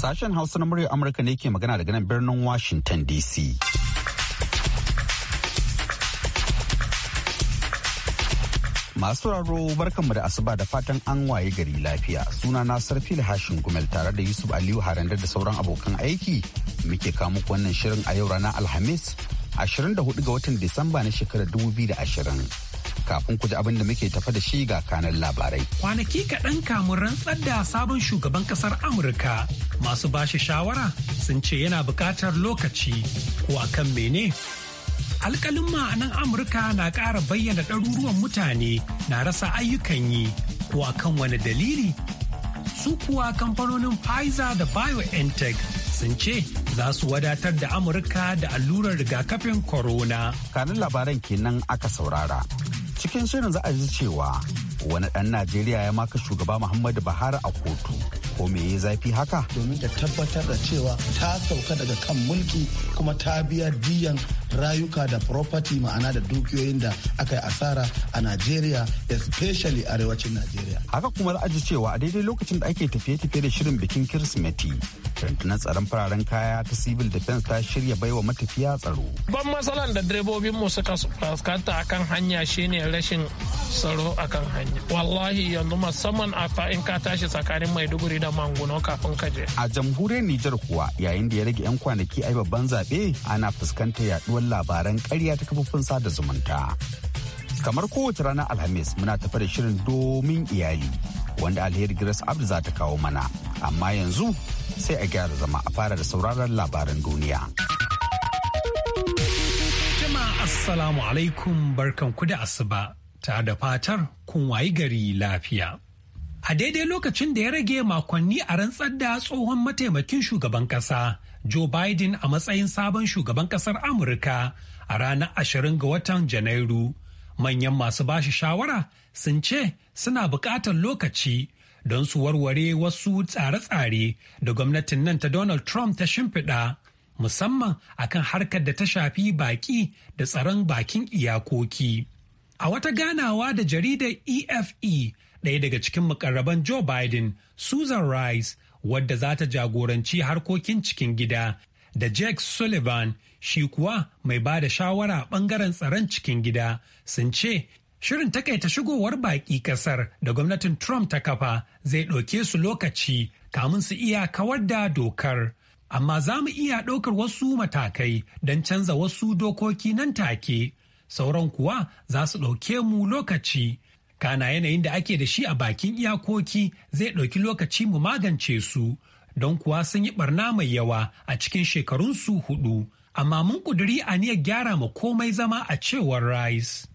Sashen Hausa na muryar Amurka ne ke magana daga nan birnin Washington DC. Masu raro barkanmu da asuba da fatan an waye gari lafiya. Suna na Sarfil Hashin Gumel tare da Yusuf Aliyu Harandar da sauran abokan aiki muke kawo muku wannan shirin a yau ranar Alhamis 24 ga watan Disamba na shekarar 2020. kafin ku ji abin da muke tafa da shi ga kanan labarai. Kwanaki kaɗan kamun rantsar da sabon shugaban ƙasar Amurka masu bashi shawara sun ce yana buƙatar lokaci ko akan mene. Alƙalin ma'anan Amurka na ƙara bayyana ɗaruruwan mutane na rasa ayyukan yi ko kan wani dalili. Su kuwa kamfanonin Pfizer da BioNTech sun ce za su wadatar da Amurka da allurar rigakafin corona. Kanin labaran kenan aka saurara. cikin shirin za a ji cewa wani ɗan najeriya ya maka shugaba muhammadu buhari a kotu ko me ya zafi haka domin ta tabbatar da cewa ta sauka daga kan mulki kuma ta biya diyan rayuka da property ma'ana da dukiyoyin da aka yi asara a Najeriya especially arewacin Najeriya haka kuma ra'aji cewa a daidai lokacin da ake tafiye-tafiye da shirin bikin Kirsimeti Rantunan tsaron fararen kaya ta civil defense ta shirya baiwa matafiya tsaro ban matsalan da direbobinmu mu suka fuskanta a kan hanya shine rashin tsaro a kan hanya wallahi yanzu musamman a fa'in ka tashi tsakanin maiduguri da manguno kafin ka je. A jamhuriyar Nijar kuwa yayin da ya rage 'yan kwanaki ai babban zaɓe ana fuskantar yaduwar labaran karya ta kafofin sada zumunta. Kamar kowace ranar Alhamis muna tafi da shirin domin iyali wanda alheri Grace Abdu za ta kawo mana. Amma yanzu sai a gyara zama a fara da sauraron labaran duniya. Assalamu alaikum barkan ku da asuba ta da fatar kun wayi gari lafiya. a daidai lokacin da ya rage makonni a rantsar da tsohon mataimakin shugaban kasa Joe Biden a matsayin sabon shugaban kasar Amurka a ranar 20 ga watan Janairu. Manyan masu bashi shawara sun ce suna buƙatar lokaci don su warware wasu tsare-tsare da gwamnatin nan ta Donald Trump ta shimfiɗa musamman akan harkar da ta shafi baƙi da tsaron bakin iyakoki. A wata ganawa da jaridar EFE ɗaya daga cikin mukarraban Joe Biden, Susan Rice, wadda za ta jagoranci harkokin cikin gida, da Jake Sullivan, shi kuwa mai ba da shawara ɓangaren tsaron cikin gida, sun ce shirin takaita shigowar baƙi ƙasar da gwamnatin Trump ta kafa zai ɗauke su lokaci kamun su iya kawar da dokar. Amma za mu iya ɗaukar wasu matakai don canza wasu dokoki nan take, sauran kuwa za su ɗauke mu lokaci. kana yanayin da ake da shi a bakin iyakoki zai ɗauki lokaci mu magance su don kuwa sun yi barna mai yawa a cikin shekarunsu hudu amma mun ƙuduri aniyar gyara ma komai zama a cewar rice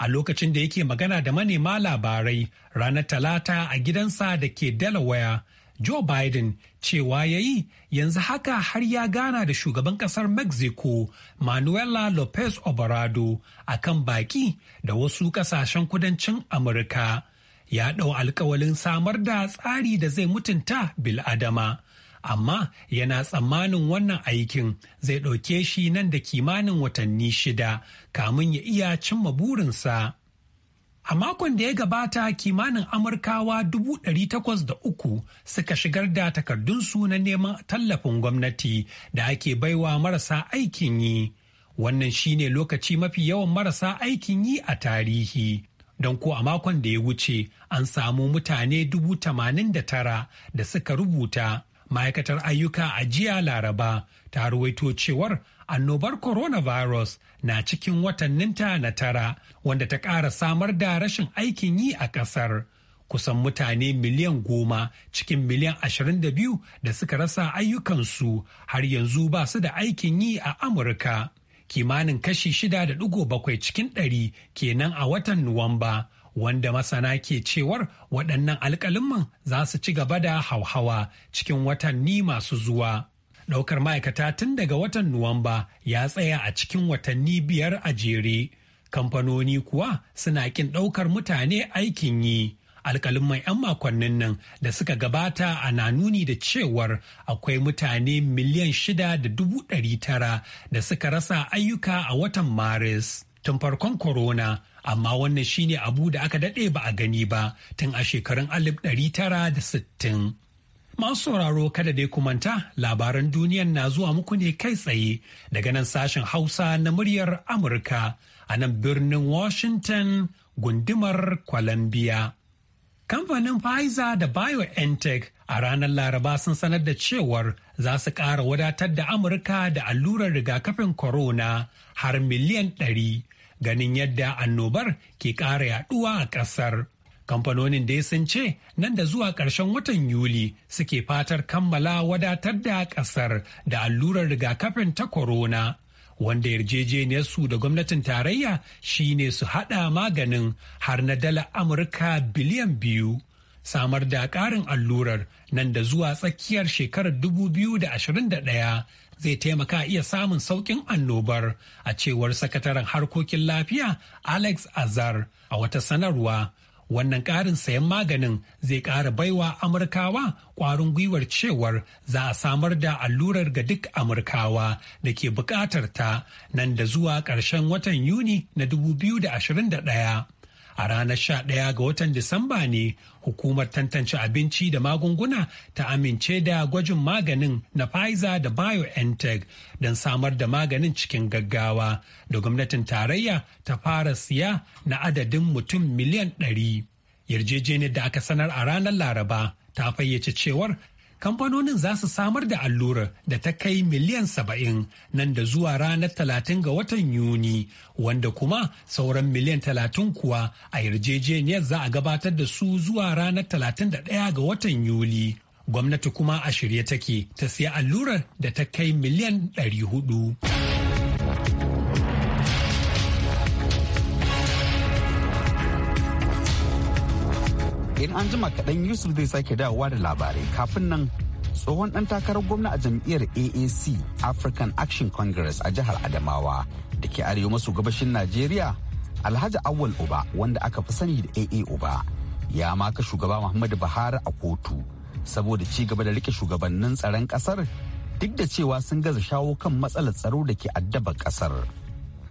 a lokacin da yake magana da manema labarai ranar talata a gidansa da ke delaware Joe Biden cewa ya yi yanzu haka har ya gana da shugaban kasar Mexico Manuela Lopez Obrado a kan baki da wasu kasashen kudancin Amurka. Ya ɗau alkawalin samar da tsari da zai mutunta bil'adama. Amma yana tsammanin wannan aikin zai ɗauke shi nan da kimanin watanni shida kamun ya iya cimma burinsa. A makon da ya gabata kimanin Amurkawa dubu ɗari takwas da uku suka shigar da takardunsu na neman tallafin gwamnati da ake baiwa marasa aikin yi. Wannan shi ne lokaci mafi yawan marasa aikin yi a tarihi. Don ko a makon da ya wuce an samu mutane dubu tamanin da tara da suka rubuta. Ma'aikatar ayyuka a jiya Laraba ta ruwaito cewar annobar coronavirus na cikin watanninta na tara wanda ta ƙara samar da rashin aikin yi a ƙasar. Kusan mutane miliyan goma cikin miliyan ashirin da biyu da suka rasa ayyukansu har yanzu ba su da aikin yi a Amurka. Kimanin kashi shida da ɗigo bakwai cikin ɗari kenan a watan Nuwamba. wanda masana ke cewar waɗannan alƙalumin za su ci gaba da hauhawa cikin watanni masu zuwa. Ɗaukar ma'aikata tun daga watan Nuwamba ya tsaya a cikin watanni biyar a jere. Kamfanoni kuwa suna ƙin ɗaukar mutane aikin yi. alkalin mai 'yan makonnin nan da suka gabata a na nuni da cewar akwai mutane miliyan shida da dubu ɗari tara da suka rasa ayyuka a watan maris tun farkon korona, amma wannan shine abu da aka daɗe ba a gani ba tun a shekarun alif ɗari tara da sittin Masu sauraro kada dai kumanta labaran duniyan na zuwa muku ne kai tsaye daga nan sashen Hausa na muryar Amurka a nan birnin Washington gundumar Columbia. Kamfanin Pfizer da BioNTech a ranar Laraba sun sanar da cewar za su ƙara wadatar da Amurka da allurar rigakafin corona har miliyan ɗari ganin yadda annobar ke ƙara yaɗuwa a ƙasar. kamfanonin dai sun ce nan da zuwa ƙarshen watan yuli suke fatar kammala wadatar da ƙasar da allurar rigakafin ta corona wanda yarjejeniyar su da gwamnatin tarayya shine su haɗa maganin har na dala amurka biliyan biyu samar da ƙarin allurar nan da zuwa tsakiyar shekarar 2021 zai taimaka iya samun sauƙin annobar a cewar sakataren harkokin lafiya alex azar a wata sanarwa wannan ƙarin sayan maganin zai ƙara baiwa amurkawa ƙwarin gwiwar cewar za a samar da allurar ga duk amurkawa da ke buƙatar ta nan da zuwa ƙarshen watan yuni na 2021 A ranar 11 ga watan Disamba ne hukumar tantance abinci da magunguna ta amince da gwajin maganin na Pfizer da BioNTech don samar da maganin cikin gaggawa da gwamnatin tarayya ta fara siya na adadin mutum miliyan ɗari. Yarjejeniyar da aka sanar a ranar Laraba ta fayyace cewar kamfanonin za su samar da allurar da ta kai miliyan saba'in nan da zuwa ranar talatin ga watan yuni wanda kuma sauran miliyan talatin kuwa a yarjejeniyar za a gabatar da su zuwa ranar talatin da ɗaya ga watan yuli gwamnati kuma a shirye take ta siya allurar da ta kai miliyan ɗari hudu. in an jima kaɗan yusuf zai sake dawowa da labarai kafin nan tsohon ɗan takarar gwamna a jam'iyyar aac african action congress a jihar adamawa da ke arewa maso gabashin najeriya alhaji awal uba wanda aka fi sani da aa uba ya maka shugaba muhammadu buhari a kotu saboda ci gaba da rike shugabannin tsaron kasar duk da cewa sun gaza shawo kan matsalar tsaro da ke addaba kasar.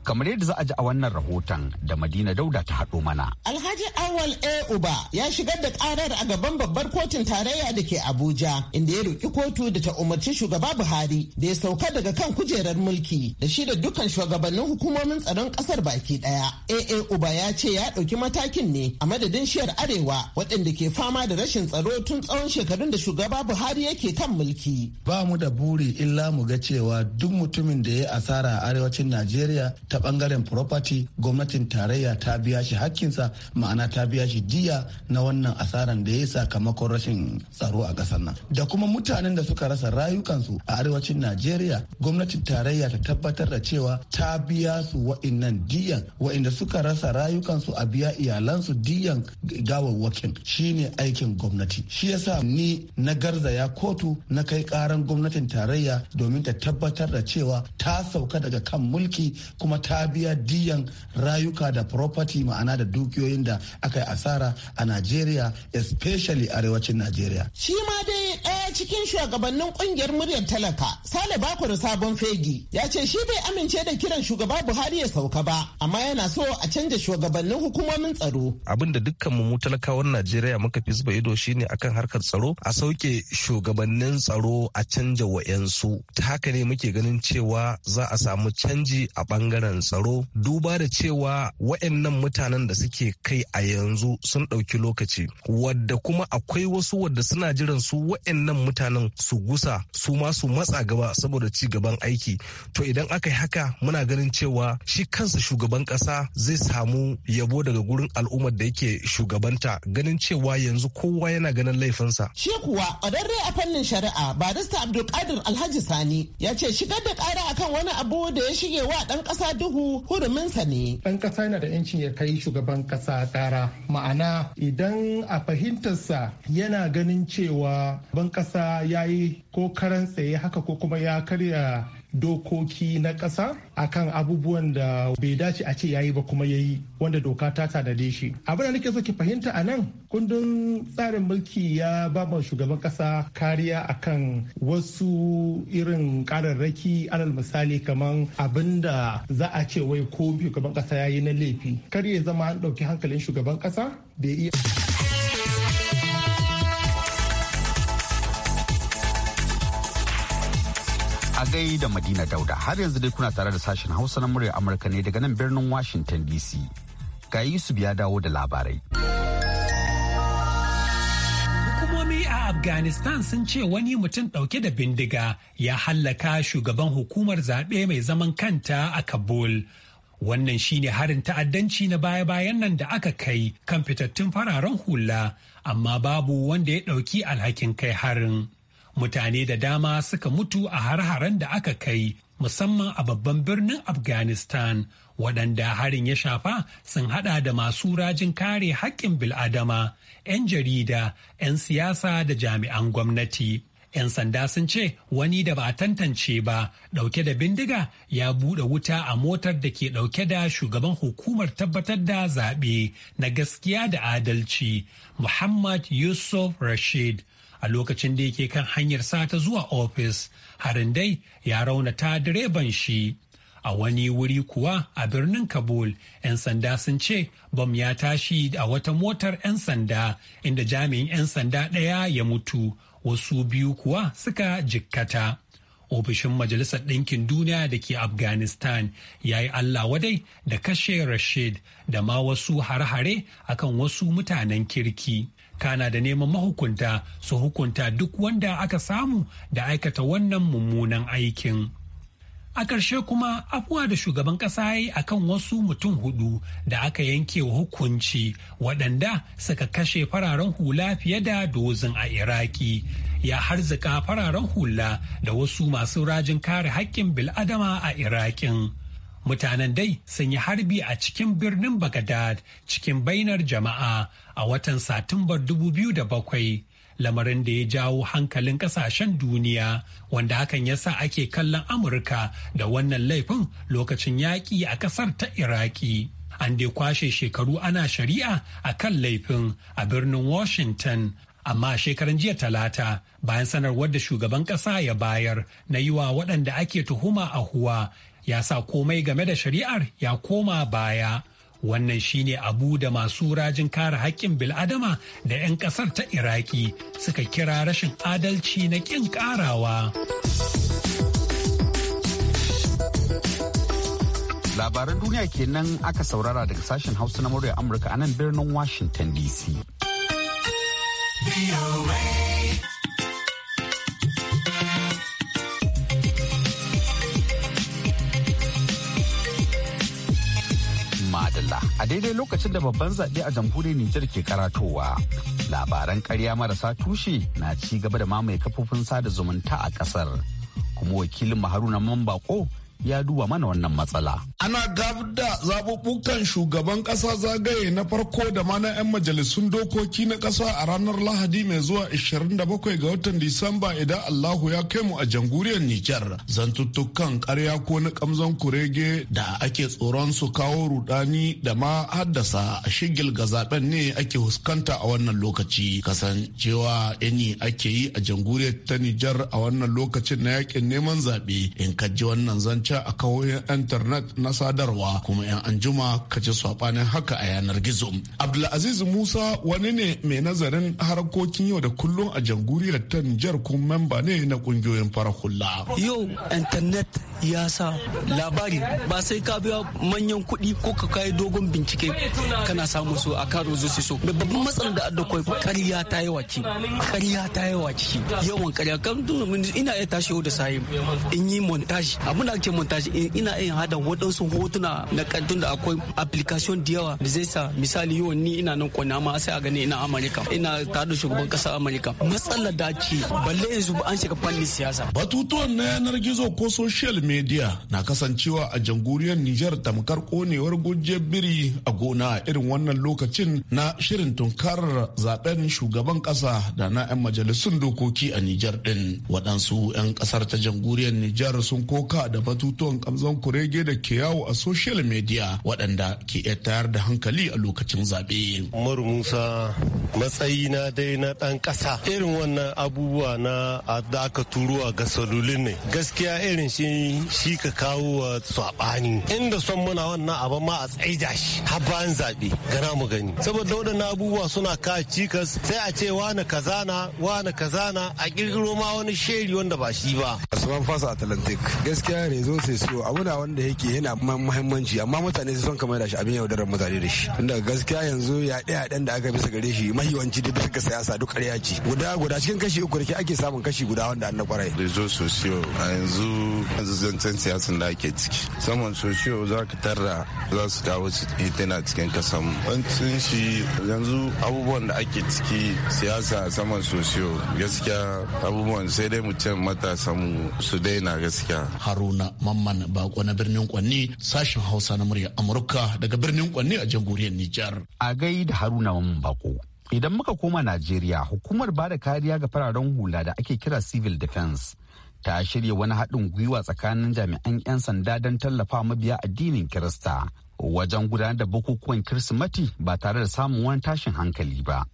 kamar yadda za a ji a wannan rahoton da Madina Dauda ta haɗo mana. Alhaji Awal A. Uba ya shigar da ƙarar a gaban babbar kotun tarayya da ke Abuja inda ya roƙi kotu da ta umarci shugaba Buhari da ya sauka daga kan kujerar mulki da shi da dukkan shugabannin hukumomin tsaron ƙasar baki ɗaya. A. Uba ya ce ya ɗauki matakin ne a madadin shiyar Arewa waɗanda ke fama da rashin tsaro tun tsawon shekarun da shugaba Buhari yake kan mulki. Ba mu da buri illa mu ga cewa duk mutumin da ya yi asara a arewacin Najeriya ta bangaren property gwamnatin tarayya ta biya shi hakkinsa ma'ana ta biya shi diya na wannan asaran da ya sakamakon rashin tsaro a ƙasar nan da kuma mutanen da suka rasa rayukansu a arewacin najeriya gwamnatin tarayya ta tabbatar da cewa ta biya su wa'innan diyan wa'inda suka rasa rayukansu a biya iyalansu diyan gawawwakin shine aikin gwamnati shi yasa ni na garzaya kotu na kai karan gwamnatin tarayya domin ta tabbatar da cewa ta sauka daga kan mulki kuma ta biya diyan rayuka da property ma'ana da dukiyoyin da aka yi asara a Najeriya especially arewacin Najeriya. Shi ma dai eh, A cikin shugabannin ƙungiyar muryar talaka, Sale Bakuru Sabon Fegi, ya ce shi bai amince da kiran shugaba Buhari ya sauka ba, amma yana so a canja shugabannin hukumomin tsaro. Abin da dukkan mu talakawan Najeriya muka fi zuba ido shine akan harkar tsaro, a sauke shugabannin tsaro a canja wa'yansu. Ta haka ne muke ganin cewa za a samu canji a bangaren tsaro, duba da cewa wa'yannan mutanen da suke kai a yanzu sun ɗauki lokaci, wadda kuma akwai wasu wadda suna jiran su wa'yannan mutanen su gusa su ma su matsa gaba saboda ci gaban aiki to idan aka yi haka muna ganin cewa shi kansa shugaban kasa zai samu yabo daga gurin al'ummar da yake shugabanta ganin cewa yanzu kowa yana ganin laifinsa shi kuwa dare a fannin shari'a barista abdulkadir alhaji sani ya ce shigar da kara akan wani abu da ya shige wa dan kasa duhu huruminsa ne Dan kasa yana da 'yancin ya kai shugaban kasa kara ma'ana idan a fahimtarsa yana ganin cewa ban ƙasa ya yi ko karan tsaye haka ko kuma ya karya dokoki na ƙasa akan abubuwan da bai dace a ce ya yi ba kuma ya yi wanda doka ta tanade shi abin da nake so ki fahimta anan, kundin tsarin mulki ya ba ma shugaban ƙasa kariya akan wasu irin ƙararraki alal misali kamar abinda da za a ce wai ko shugaban ƙasa yi na laifi kar ya zama an ɗauki hankalin shugaban ƙasa bai iya a da Madina Dauda har yanzu dai kuna tare da sashen Hausa na murya Amurka ne daga nan birnin Washington DC. Ga Yusuf ya dawo da labarai. Hukumomi a Afghanistan sun ce wani mutum dauke da bindiga ya hallaka shugaban hukumar zaɓe mai zaman kanta a Kabul. Wannan shine harin ta'addanci na baya-bayan nan da aka kai kan fitattun fararen hula, amma babu wanda ya dauki alhakin kai harin. mutane da dama suka mutu a har-haren da aka kai musamman a babban birnin afghanistan waɗanda harin ya shafa sun hada da masu rajin kare haƙƙin bil'adama 'yan jarida 'yan siyasa da jami'an gwamnati 'yan sanda sun ce wani da ba tantance ba ɗauke da bindiga ya buɗe wuta a motar da ke ɗauke da shugaban hukumar tabbatar da zaɓe na gaskiya da adalci muhammad yusuf rashid a lokacin da yake kan hanyar sata zuwa ofis harin dai ya raunata direban shi a wani wuri kuwa a birnin kabul 'yan sanda sun ce bam ya tashi a wata motar 'yan sanda inda jami'in 'yan sanda ɗaya ya mutu wasu biyu kuwa suka jikkata ofishin majalisar ɗinkin duniya da ke afghanistan ya yi allah wadai da kashe rashid da ma wasu har-hare akan wasu mutanen kirki kana da neman mahukunta su hukunta duk wanda aka samu da aikata wannan mummunan aikin. A ƙarshe kuma afuwa da shugaban ƙasa ya yi a kan wasu mutum hudu da aka yanke wa hukunci waɗanda suka kashe fararen hula fiye da dozin a Iraki. Ya harzika fararen hula da wasu masu rajin kare haƙƙin bil'adama a Irakin. mutanen dai sun yi harbi a cikin birnin Baghdad cikin bainar jama'a a watan Satumbar 2007 lamarin da ya jawo hankalin kasashen duniya wanda hakan ya sa ake kallon Amurka da wannan laifin lokacin yaƙi a ƙasar ta Iraki. An dai kwashe shekaru ana shari'a a kan laifin a birnin Washington amma shekaran jiya talata bayan sanarwar da shugaban ƙasa ya bayar na yi wa waɗanda ake tuhuma a huwa ya sa komai game da shari'ar ya koma baya. Wannan shine abu da masu rajin kare haƙƙin bil'adama da 'yan ƙasar ta Iraki suka kira rashin adalci na ƙin ƙarawa. Labaran duniya kenan aka saurara daga sashen Hausa na murya Amurka a nan birnin Washington DC. a daidai lokacin da babban zaɓe a jamhuriyar Nijar ke karatowa. Labaran karya marasa tushe na ci gaba da mamaye kafofin sada zumunta a ƙasar. Kuma wakilin Haruna Mambako ya duba mana wannan matsala. Ana gab da zaɓuɓɓukan shugaban ƙasa zagaye na farko da mana 'yan majalisun dokoki na ƙasa a ranar Lahadi mai zuwa 27 ga watan Disamba idan Allahu ya kai mu a jamhuriyar Nijar. Zantuttukan ƙarya ko na ƙamzon kurege da ake tsoron su kawo rudani da ma haddasa a shigil ga zaben ne ake huskanta a wannan lokaci. Kasancewa ini ake yi a jamhuriyar ta Nijar a wannan lokacin na yakin neman zaɓe in kaji wannan zance caca a kawoyin internet na sadarwa kuma 'yan anjima ka ji saɓanin haka a yanar gizo. Abdulaziz Musa wani ne mai nazarin harkokin yau da kullum a jamhuriyar ta Nijar kuma memba ne na ƙungiyoyin fara hula. Yau intanet ya sa labari ba sai ka biya manyan kuɗi ko ka kayi dogon bincike kana samu su a karo su so. Babban matsalar da adda kwai ƙarya ta yi ce. Ƙarya ta yi Yawan ƙarya kan ina ya tashi yau da sayi in yi montaji abin da ake zumunta shi eh, ina yin hada waɗansu hotuna na kantun da akwai application da yawa da zai sa misali yau ni ina nan kwana ma sai a gani ina amurka ina tare da shugaban ƙasar amurka matsalar da ce balle yanzu an shiga fannin siyasa. Batutuwan na yanar gizo ko social media na kasancewa a jamhuriyar Nijar tamkar konewar guje biri a gona irin wannan lokacin na shirin tunkarar zaben shugaban kasa da na 'yan majalisun dokoki a Nijar din. Waɗansu 'yan ƙasar ta jamhuriyar Nijar sun koka da batu batutuwan kamzon kurege da ke yawo a social media waɗanda ke iya tayar da hankali a lokacin zaɓe. Umaru Musa matsayi na dai na ɗan ƙasa irin wannan abubuwa na da aka turo a ga salulin ne gaskiya irin shi shi ka kawo wa saɓani inda son muna wannan abu ma a tsaida shi har bayan zaɓe gana mu gani saboda waɗannan abubuwa suna ka cikas sai a ce wani kazana wani kazana a ƙirƙiro ma wani sheri wanda ba shi ba. Asman Fasa Atlantic gaskiya ne zo sai so abu da wanda yake yana muhimmanci amma mutane sun kamar da shi abin yaudarar mutane da shi tunda gaskiya yanzu ya ɗaya ɗan da aka bisa gare shi mahiwanci da bisa siyasa duk ƙarya ce guda guda cikin kashi uku da ake samun kashi guda wanda an na kwarai da zo sosiyo a yanzu yanzu zancen siyasan da ake ciki saman sosiyo za ka tarra za su kawo su tana cikin kasan wancin shi yanzu abubuwan da ake ciki siyasa saman sosiyo gaskiya abubuwan sai dai mu ce mata samu su daina gaskiya haruna Mamman Bako na birnin Kwanni sashen Hausa na murya Amurka daga birnin Kwanni a jamhuriyar Nijar. A gai da Haruna Mamman Bako. Idan muka koma Najeriya, hukumar bada kariya ga fararen hula da ake kira civil defense ta shirya wani haɗin gwiwa tsakanin jami'an 'yan sanda don tallafa mabiya addinin Kirista wajen gudanar da bukukuwan Kirsimati ba tare da samun wani tashin hankali ba.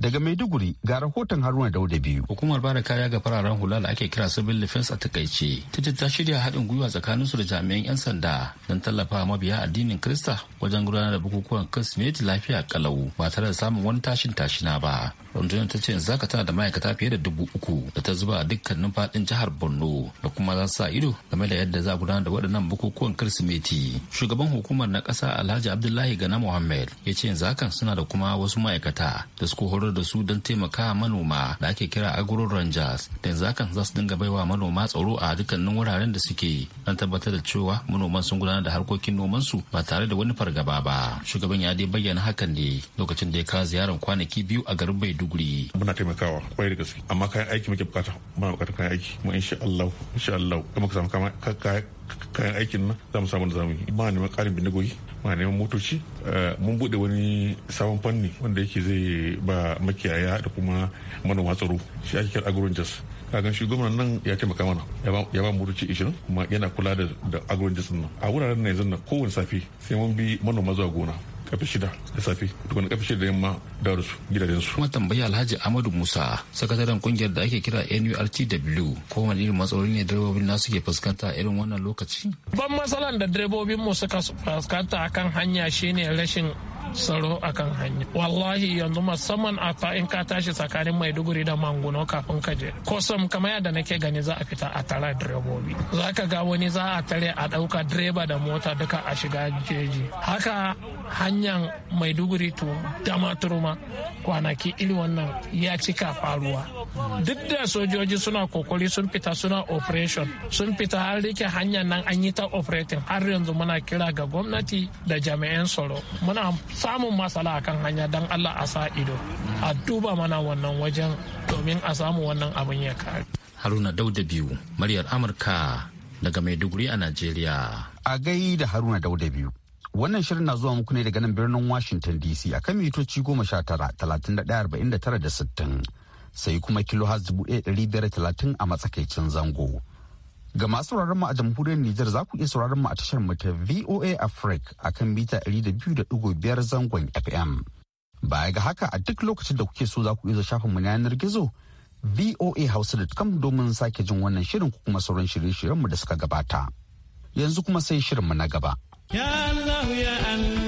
Daga Maiduguri ga rahoton Haruna Dauda biyu. Hukumar bada kariya ga fararen hula da ake kira civil defense a takaice. ta ta shirya haɗin gwiwa tsakanin su da jami'an 'yan sanda don tallafa mabiya addinin kirista wajen gudanar da bukukuwan Kirsimeti lafiya kalau ba tare da samun wani tashin tashina ba. rundunar ta ce yanzu tana da ma'aikata fiye da dubu uku da ta zuba dukkanin fadin jihar borno da kuma za sa ido game da yadda za a gudanar da waɗannan bukukuwan kirsimeti shugaban hukumar na ƙasa alhaji abdullahi gana muhammed ya ce yanzu hakan suna da kuma wasu ma'aikata da suka horar da su don taimaka manoma da ake kira agro rangers da yanzu hakan za su dinga baiwa manoma tsaro a dukkanin wuraren da suke don tabbatar da cewa manoman sun gudanar da harkokin nomansu ba tare da wani fargaba ba shugaban ya dai bayyana hakan ne lokacin da ya kawo ziyarar kwanaki biyu a garin baidu Maiduguri. Muna taimakawa kwarai da gaske amma kayan aiki muke bukata muna bukatar kayan aiki mu insha Allah insha Allah kuma ka samu kayan aikin nan za mu samu da zamu yi ma neman karin bindigogi ma neman motoci eh, mun bude wani sabon fanni wanda yake zai ba makiyaya da kuma manoma tsaro shi ake kira agron kagan shi gwamnan nan ya taimaka mana ya ba motoci 20 kuma yana kula da agron nan a wuraren na yanzu na kowane safe sai mun bi manoma zuwa gona kafe shida da safe wani kafe shida da yamma da su gidajensu. kuma tambayi alhaji amadu musa sakataren kungiyar da ake kira nurtw ko wani irin matsaloli ne direbobin na suke fuskanta irin wannan lokaci. ban matsalan da direbobin mu suka fuskanta akan hanya shine rashin tsaro akan hanya wallahi yanzu musamman a fa'in ka tashi tsakanin maiduguri da manguno kafin ka je Kosom, kamar yadda nake gani za a fita a tara direbobi za ka ga wani za a tare a ɗauka direba da mota duka a shiga jeji haka hanyar maiduguri to dama turma kwanaki iri wannan ya cika faruwa duk da sojoji suna kokari sun fita suna operation sun fita har rike hanyar nan an yi ta operating har yanzu muna kira ga gwamnati da jami'an tsaro muna samun masala a kan hanya don allah a sa ido a duba mana wannan wajen domin a samu wannan abin ya kare haruna dauda biyu muryar amurka daga maiduguri a najeriya a gai da haruna dauda biyu wannan shirin na zuwa muku ne daga nan birnin washington dc a kan mitoci goma sha tara talatin da ɗaya arba'in da tara da sittin sai kuma kilo has dubu ɗaya ɗari biyar talatin a matsakaicin zango Ga masu sauraron mu a jamhuriyar Nijar za ku iya sauraron mu a tashar mu ta VOA Africa a kan mita 200.5 zangon FM. Baya ga haka a duk lokacin da kuke so za ku iya shafin mu na yanar gizo voahouse.com domin sake jin wannan shirin ku kuma sauran shirye-shiryen mu da suka gabata. Yanzu kuma sai shirin mu na gaba. Ya Allah ya Allah.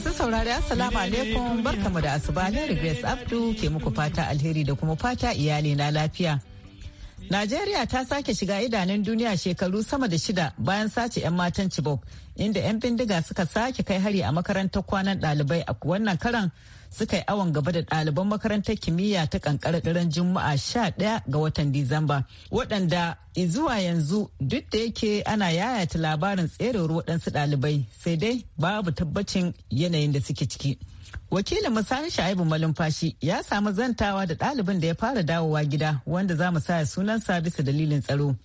Masu saurari Assalamu alaikum barkamu da asuba na Grace Abdu ke muku fata alheri da kuma fata iyali na lafiya. Najeriya ta sake shiga idanun duniya shekaru sama da shida bayan sace 'yan matan Chibok inda 'yan bindiga suka sake kai hari a makarantar kwanan ɗalibai a wannan karan suka yi awon gaba da ɗaliban makarantar kimiyya ta daren juma'a 11 ga watan disamba waɗanda zuwa yanzu duk da yake ana yayata labarin tserewar waɗansu ɗalibai sai dai babu tabbacin yanayin da suke ciki wakilin musani sha'ibu malumfashi ya samu zantawa da ɗalibin da ya fara dawowa gida wanda za mu sa sunansa bisa dalilin tsaro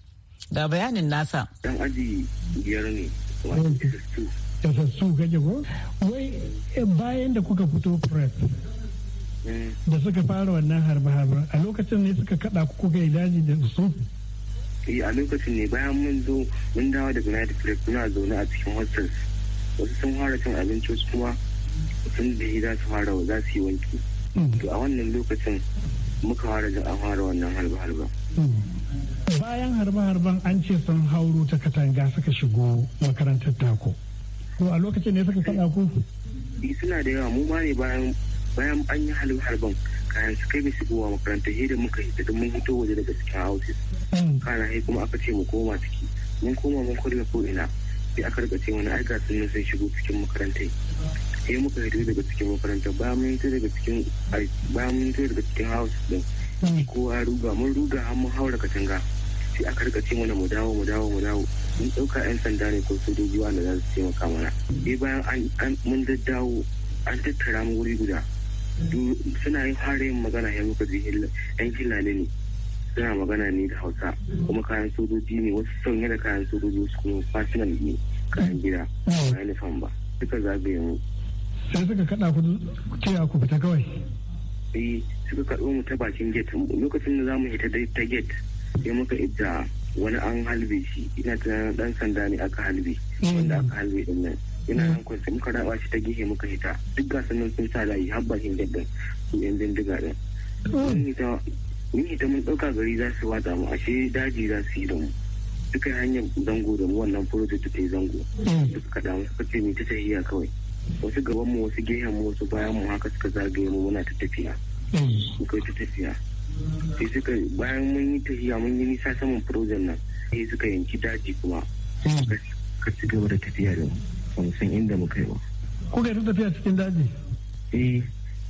ga bayanin nasa dan aji biyar ne da su gaje ko wai eh, bayan da kuka fito press mm. da suka fara wannan harba-harba a lokacin ne suka kada ku kuka yi daji da su eh, a lokacin ne bayan mun zo mun dawo daga united press muna zaune a cikin hostels wasu sun fara cin abinci wasu kuma sun biyi za su fara za su yi wanki mm. to a wannan lokacin muka fara da an fara wannan harba-harba mm. bayan harba-harban an ce sun hauro ta katanga suka shigo makarantar tako to a lokacin ne suka kaɗa ku eh, suna da yawa mu ba ne bayan bayan an yi halin harban kayan su kai bisu buwa makaranta he da muka hita mun hito waje daga cikin houses mm. kana he kuma aka ce mu koma ciki mun koma mun kulle ko ina sai aka rika ce wani aika sun nan sai shigo cikin makaranta he muka hito daga cikin makaranta bayan mun hito daga cikin bayan mun hito daga cikin houses din mm. kowa ruga mun ruga har mun haura katanga sai a karkace mana mu dawo mu dawo mu dawo mun ɗauka 'yan sanda ne ko sojoji wanda za su taimaka mana sai bayan an mun daddawo an tattara mu wuri guda suna yin fara yin magana ya muka ji yan hilali ne suna magana ne da hausa kuma kayan sojoji ne wasu sauye da kayan sojoji wasu kuma fasinan ne kayan gida ba mm. uniform ba suka zagaye mu sai suka kaɗa ku cewa ku fita kawai eh, suka kaɗo mu ta bakin gate lokacin da za mu hita ta gate sai muka idda wani an halbe shi ina ta dan sanda ne aka halbe wanda aka halbe din nan ina nan mm. muka raba shi ta gehe muka hita duk gasan sun sa layi har bakin daddin su yan bindiga din mm. mun hita mun ɗauka gari za su wata mu ashe daji za su yi da mu duka hanyar zango da mu wannan project ta zango duka mm. kaɗa mu suka ce ni ta tahiya kawai wasu gaban mu wasu gehen mu wasu bayan mu haka suka zagaye mu muna ta tafiya ta tafiya sai suka bayan mun yi tafiya mun yi nisa saman frozen nan sai suka yanki daji kuma hmm. ka ci gaba da tafiya da mu san inda mu kai ba kuka yi tafiya cikin daji eh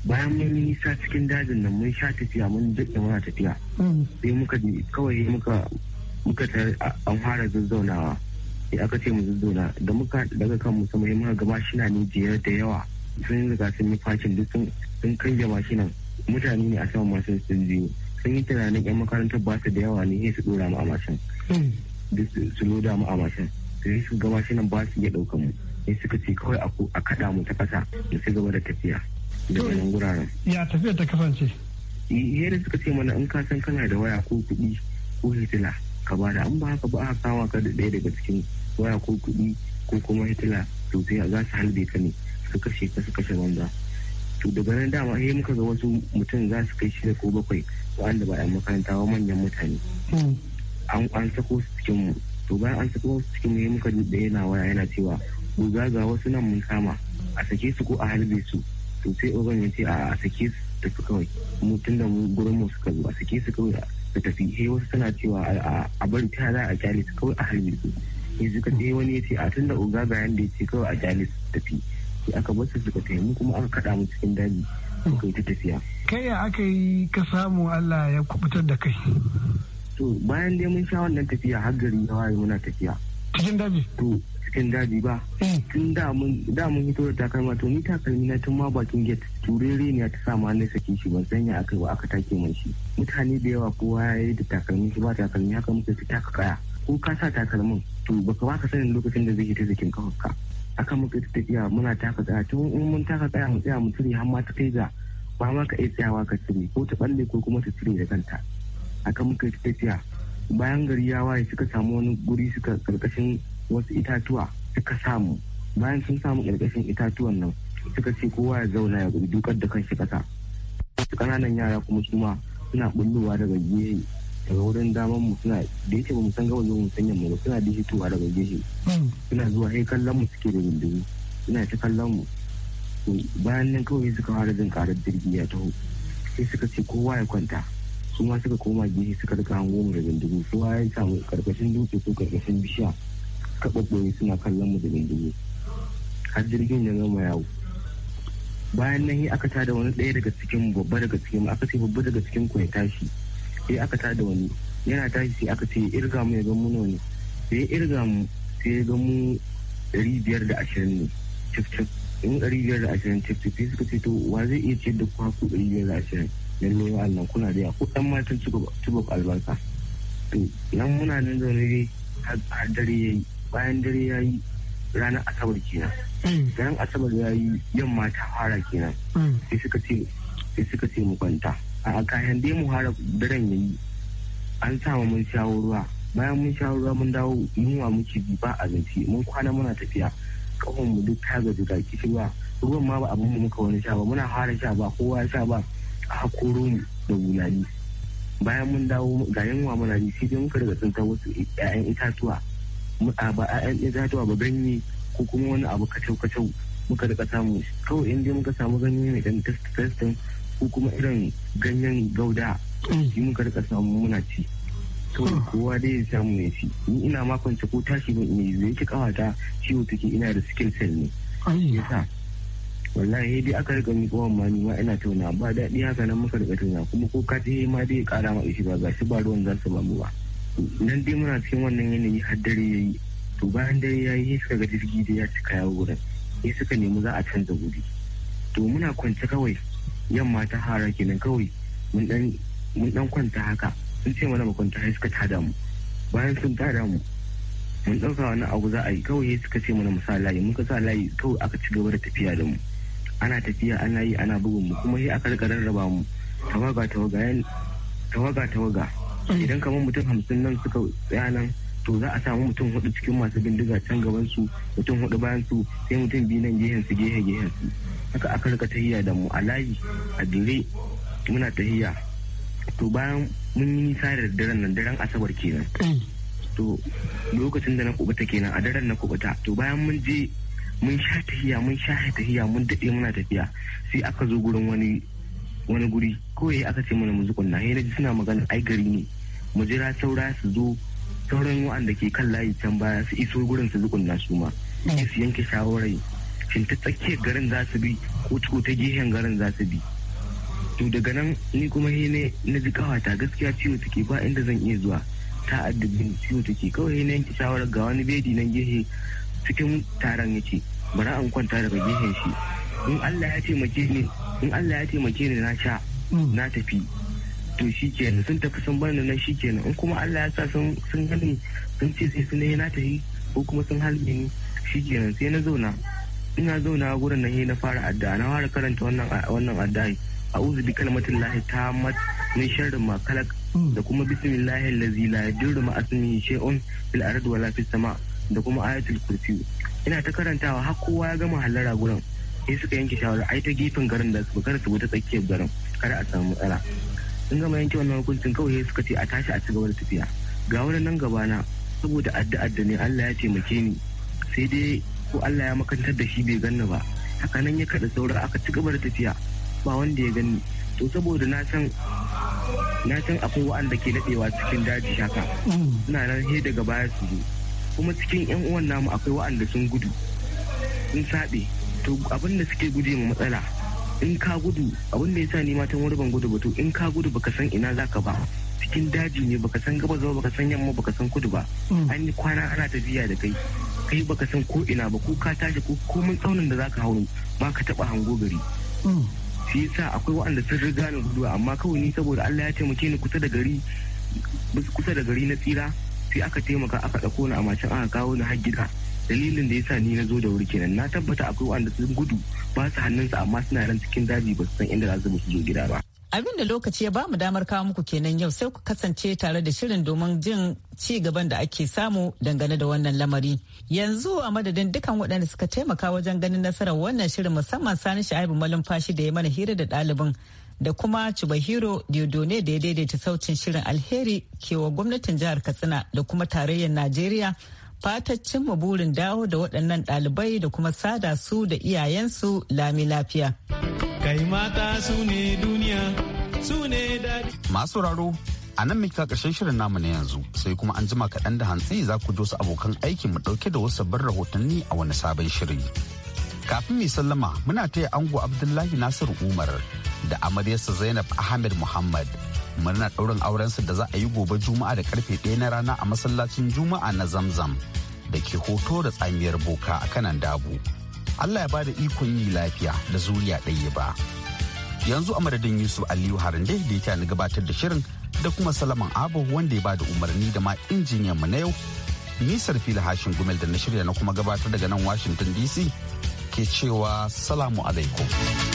bayan mun yi nisa cikin dajin nan mun sha tafiya mun daɗe muna tafiya hmm. sai muka kawai muka muka ta an fara zazzaunawa sai aka ce mu zazzauna da muka daga kan musamman muka shi na ne jiyar da yawa sun yi sun yi fashin duk sun kan jama shi nan mutane ne a saman mashin sun biyu sun yi tunanin yan makarantar ba su da yawa ne sai su dora mu a mashin su loda mu a mashin sai su ga mashinan ba su iya ɗaukan mu sai suka ce kawai a kaɗa mu ta ƙasa da su gaba da tafiya da wannan guraren. ya tafiya ta kasance. da suka ce mana in ka san kana da waya ko kuɗi ko hitila ka ba da an ba haka ba a kama ka da ɗaya daga cikin waya ko kuɗi ko kuma hitila to sai za su halbe ka ne suka kashe ka suka kashe banza. to daga nan dama sai eh muka ga wasu mutum za su kai shida ko bakwai wanda ba 'yan makaranta ba manyan mutane hmm. an sako su cikin mu to bayan an sako su cikin mu sai eh muka da yana waya yana cewa duba ga wasu nan mun kama a sake su ko a halbe su to sai ogan ya ce a sake su tafi kawai mu da mu gurin mu suka zo a sake su kawai su tafi sai wasu tana cewa a bari ta za a kyale su kawai a halbe su yanzu ka sai eh, wani ya ce a tun da ogaga yanda ya ce kawai a kyale su tafi sai aka basu suka taimu kuma aka kaɗa mu cikin daji suka yi ta tafiya. kai ya aka yi ka samu Allah ya kubutar da kai. to bayan dai mun sha wannan tafiya har gari ya waye muna tafiya. cikin daji. to cikin daji ba. Eh. tun da mun hito da takalma to ni takalmi na tun ma bakin gate turere ne ta sama na saki shi ban sanya akai ba aka take mun shi. mutane da yawa kowa ya yi da takalmi shi ba takalmi haka muka fita taka kaya. ko ka sa takalmin to baka baka sanin lokacin da zai hita jikin kafarka akan muka ita tafiya muna taka tsaya tun in mun taka tsaya mu tsaya mu cire har ma ta kai ga ba ma ka iya tsayawa ka cire ko ta balle ko kuma ta cire da kanta akan muka ita tafiya bayan gari ya waye suka samu wani guri suka karkashin wasu itatuwa suka samu bayan sun samu karkashin itatuwan nan suka ce kowa ya zauna ya dukar da kanshi kasa kananan yara kuma su suna bullowa daga gehe daga wurin daman mu suna da yake mu san gawan mu sanya mu suna da hitowa daga gefe hmm. suna zuwa sai eh, kallon mu suke da bindigu suna ta kallon mu bayan nan kawai suka fara jin karar jirgi ya taho sai suka ce kowa ya kwanta su ma suka koma gefe suka rika hango mu da bindigu su ma ya samu karkashin dutse ko karkashin bishiya ka ɓaɓɓoye suna kallon mu da bindigu har jirgin ya gama yawo bayan nan aka tada wani ɗaya daga cikin babba daga cikin aka ce babba daga cikin ku ya tashi sai aka tada wani yana tashi sai aka ce irga mu ya ga mu ne sai irga mu sai ya ga mu ɗari biyar da ashirin ne cif cif in ɗari biyar da ashirin cif cif sai suka ce to wa zai iya ce da kuma ku ɗari biyar da ashirin lallai wa Allah kuna da ya ko ɗan matan cibok albarka to nan muna nan zaune dai har dare ya yi bayan dare yayi ranar asabar kenan ranar asabar ya yi yamma ta fara kenan mm. sai suka ce sai suka ce mu kwanta a kayan dai mu har daren yayi an sa mun shawo ruwa bayan mun shawo ruwa mun dawo yunwa muke bifa ba abinci mun kwana muna tafiya kawai mu duk ta gaji ga ba ruwan ma ba abin mu muka wani sha ba muna fara sha ba kowa sha ba a hakoro mu da wulani bayan mun dawo ga yunwa muna ji sai dai muka sun tsinta wasu 'ya'yan itatuwa ba 'ya'yan itatuwa ba ganye ko kuma wani abu kacau kacau muka daga samu kawai in dai muka samu ganye mai ɗan testin ko kuma irin ganyen gauda mm. shi muka rika samu muna ci kawai mm. kowa dai ya samu ya ci ni ina makonce ko tashi ban ne zai ki kawata ciwo take ina da skill cell ne yasa wallahi dai aka rika ni kowa ma ni ma ina tauna ba daɗi haka nan muka rika tauna kuma ko ka je ma dai kara ma ishi ba ga shi ba ruwan za su ba mu ba nan dai muna cikin wannan yanayi har dare yayi to bayan dare yayi suka ga jirgi da ya cika yawo gurin sai suka nemi za a canza guri to muna kwance kawai yamma ta hara kenan kawai mun dan kwanta haka sun ce mana makwanta sai suka tada mu bayan sun tada mu mun ɗauka wani abu za a yi kawai suka ce mana musa layi muka sa layi kawai aka ci gaba da tafiya da mu ana tafiya ana yi ana bugun mu kuma sai aka rika rarraba mu tawaga tawaga tawaga tawaga mm. idan kamar mutum hamsin nan suka tsaya nan to za a samu mutum hudu cikin masu bindiga can gaban su mutum hudu bayan su sai mutum biyu nan gehen su gehe gehen su haka aka rika tahiya da mu a layi a dire muna tahiya to bayan mun yi nisa da daren nan daren asabar kenan to lokacin da na kubuta kenan a daren na kubuta to bayan mun je mun sha tahiya mun sha tahiya mun daɗe muna tafiya sai aka zo gurin wani wani guri kawai aka ce mana muzukun na hira suna magana ai gari ne mu jira saura su zo sauran wa'anda ke kan layi can baya su iso gurin su zukun nasu ma eh. su yanke shawarai shin ta tsakiyar garin za su bi ko ciko ta gehen garin za su bi to daga nan ni kuma he na ji kawata gaskiya ciwo take ba inda zan iya zuwa ta addabin ciwo take kawai na yanke shawarar ga wani bedi nan gehe cikin taron ya ce bara an kwanta daga gehen shi in Allah ya taimake ni in Allah ya taimake ni na sha hmm. na tafi to shi kenan sun tafi sun bar nan shi kenan in kuma Allah ya sa sun gani sun ce sai sun na ta yi ko kuma sun halbe ni shi kenan sai na zauna ina zauna gurin nan na fara addu'a na fara karanta wannan wannan addu'a a'udhu bi kalimatillahi tammat min sharri ma khalaq da kuma bismillahi allazi la yadurru ma asmi shay'un fil ardi wala fis sama' da kuma ayatul kursi ina ta karantawa har kowa ya gama halarra gurin sai suka yanke shawara ai ta gefen garin da su kada su ta tsakiyar garin kada a samu matsala in gama yanke wannan hukuncin kawai suka ce a tashi a cigaba da tafiya ga wani nan gaba na saboda addu'ar da ne Allah ya taimake ni sai dai ko Allah ya makantar da shi bai ganna ba haka nan ya kada saura aka ci gaba da tafiya ba wanda ya gani to saboda na san na san akwai wa'anda ke daɗewa cikin daji haka ina nan he daga baya su zo kuma cikin yan uwan namu akwai wa'anda sun gudu sun saɓe to abin da suke guje ma matsala in ka gudu abin da sa ni ma wani gudu ba in ka gudu baka san ina zaka ba cikin daji ne baka san gaba ba baka san yamma baka san kudu ba mm. an yi kwana ana tafiya da kai kai baka san ko ina ba ko ka tashi ko komai tsaunin da zaka hauro ba ka taba hango gari mm. shi yasa akwai waɗanda sun riga ni gudu amma kawai ni saboda Allah ya taimake ni kusa da gari kusa da gari na tsira sai aka taimaka aka ɗauko ni a macin aka kawo ni har gida dalilin da ya sa ni na zo da wuri kenan na tabbata akwai wanda sun gudu ba su hannunsa amma suna ran cikin daji ba su san inda za su zo gida ba abin da lokaci ya bamu damar kawo muku kenan yau sai ku kasance tare da shirin domin jin ci gaban da ake samu dangane da wannan lamari yanzu a madadin dukan waɗanda suka taimaka wajen ganin nasarar wannan shirin musamman sani sha'ibu malumfashi da ya mana hira da ɗalibin da kuma Chubahiro Diodone da ya daidaita sautin shirin alheri kewa gwamnatin jihar Katsina da kuma tarayyar Najeriya fatar cimma burin dawo da waɗannan ɗalibai da kuma sada su da iyayensu lami lafiya. Kai mata su ne duniya, su ne daɗi. Masu raro, a nan muke ƙarshen shirin namu na yanzu sai kuma an jima kaɗan da hantsi za ku su abokan aiki mu ɗauke da wasu sabbin rahotanni a wani sabon shiri. Kafin mai sallama muna taya ango Abdullahi Nasiru Umar da amaryarsa Zainab Ahmed Muhammad murnar ɗaurin aurensu da za a yi gobe juma'a da karfe ɗaya na rana a masallacin juma'a na zamzam da ke hoto da tsamiyar boka a kanan dabu allah ya bada ikon yi lafiya da zuriya ɗaya ba yanzu a madadin yusuf aliyu harin da ya na gabatar da shirin da kuma salaman abu wanda ya bada umarni da ma injiniyan mu na yau nisar fili hashin gumel da na shirya na kuma gabatar daga nan washington dc ke cewa salamu alaikum